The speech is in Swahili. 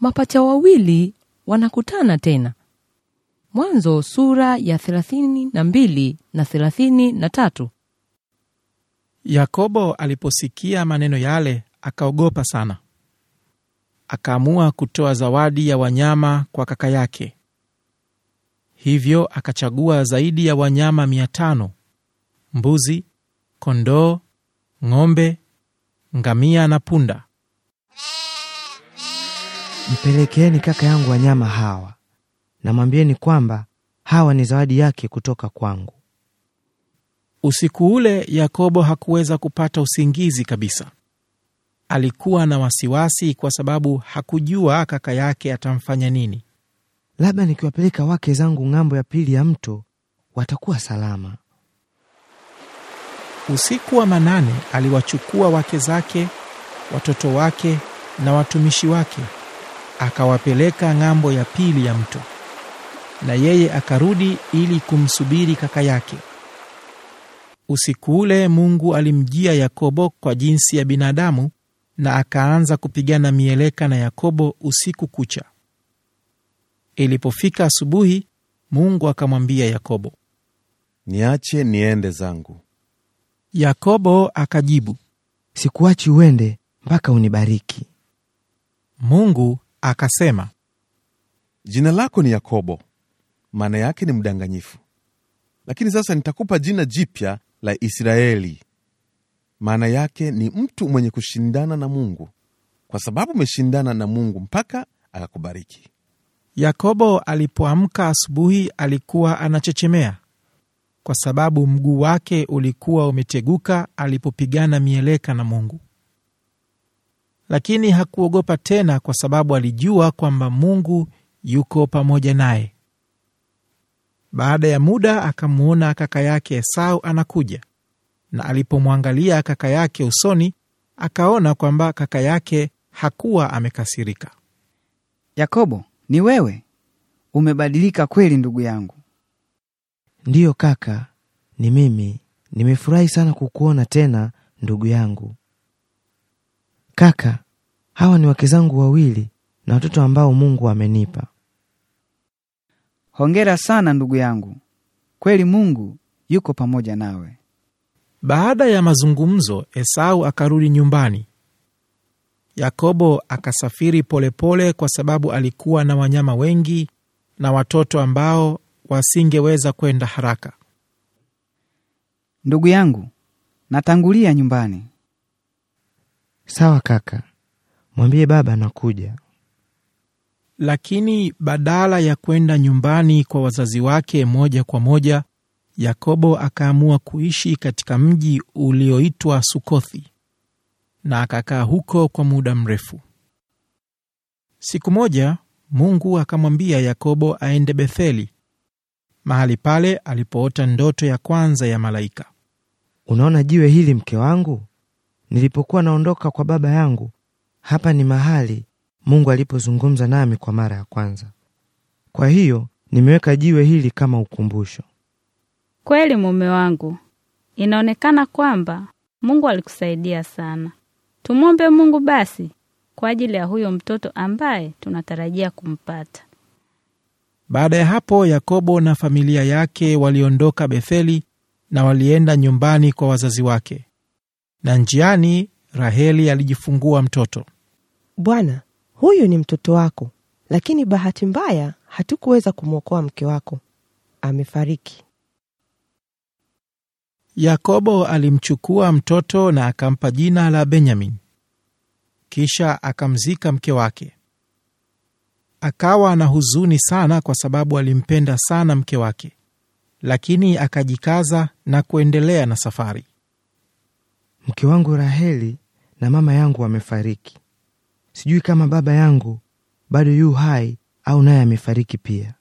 mapacha wawili wanakutana tena. Mwanzo sura ya thelathini na mbili na na tatu. Yakobo aliposikia maneno yale akaogopa sana, akaamua kutoa zawadi ya wanyama kwa kaka yake. Hivyo akachagua zaidi ya wanyama mia mbuzi, kondoo, ng'ombe, ngamia na punda Mpelekeeni kaka yangu wanyama hawa, na mwambieni kwamba hawa ni zawadi yake kutoka kwangu. Usiku ule Yakobo hakuweza kupata usingizi kabisa. Alikuwa na wasiwasi kwa sababu hakujua kaka yake atamfanya nini. Labda nikiwapeleka wake zangu ng'ambo ya pili ya mto watakuwa salama. Usiku wa manane aliwachukua wake zake, watoto wake na watumishi wake akawapeleka ng'ambo ya pili ya mto, na yeye akarudi ili kumsubiri kaka yake. Usiku ule Mungu alimjia Yakobo kwa jinsi ya binadamu, na akaanza kupigana mieleka na Yakobo usiku kucha. Ilipofika asubuhi, Mungu akamwambia Yakobo, niache niende zangu. Yakobo akajibu, sikuachi uende mpaka unibariki. Mungu akasema, jina lako ni Yakobo, maana yake ni mdanganyifu, lakini sasa nitakupa jina jipya la Israeli, maana yake ni mtu mwenye kushindana na Mungu, kwa sababu umeshindana na Mungu mpaka akakubariki. Yakobo alipoamka asubuhi alikuwa anachechemea kwa sababu mguu wake ulikuwa umeteguka alipopigana mieleka na Mungu lakini hakuogopa tena, kwa sababu alijua kwamba Mungu yuko pamoja naye. Baada ya muda akamwona kaka yake Esau anakuja, na alipomwangalia kaka yake usoni, akaona kwamba kaka yake hakuwa amekasirika. Yakobo, ni wewe? Umebadilika kweli ndugu yangu. Ndiyo kaka, ni mimi. Nimefurahi sana kukuona tena ndugu yangu. Kaka, hawa ni wake zangu wawili na watoto ambao Mungu amenipa. Hongera sana ndugu yangu, kweli Mungu yuko pamoja nawe. Baada ya mazungumzo, Esau akarudi nyumbani. Yakobo akasafiri polepole pole kwa sababu alikuwa na wanyama wengi na watoto ambao wasingeweza kwenda haraka. Ndugu yangu, natangulia nyumbani. Sawa kaka, mwambie baba anakuja Lakini badala ya kwenda nyumbani kwa wazazi wake moja kwa moja, Yakobo akaamua kuishi katika mji ulioitwa Sukothi na akakaa huko kwa muda mrefu. Siku moja Mungu akamwambia Yakobo aende Betheli, mahali pale alipoota ndoto ya kwanza ya malaika. Unaona jiwe hili, mke wangu? nilipokuwa naondoka kwa baba yangu. Hapa ni mahali Mungu alipozungumza nami kwa mara ya kwanza. Kwa hiyo nimeweka jiwe hili kama ukumbusho. Kweli mume wangu, inaonekana kwamba Mungu alikusaidia sana. Tumwombe Mungu basi kwa ajili ya huyo mtoto ambaye tunatarajia kumpata. Baada ya hapo, Yakobo na familia yake waliondoka Betheli na walienda nyumbani kwa wazazi wake na njiani Raheli alijifungua mtoto. Bwana, huyu ni mtoto wako, lakini bahati mbaya hatukuweza kumwokoa mke wako, amefariki. Yakobo alimchukua mtoto na akampa jina la Benyamin, kisha akamzika mke wake. Akawa na huzuni sana, kwa sababu alimpenda sana mke wake, lakini akajikaza na kuendelea na safari mke wangu Raheli na mama yangu wamefariki. Sijui kama baba yangu bado yu hai au naye amefariki pia.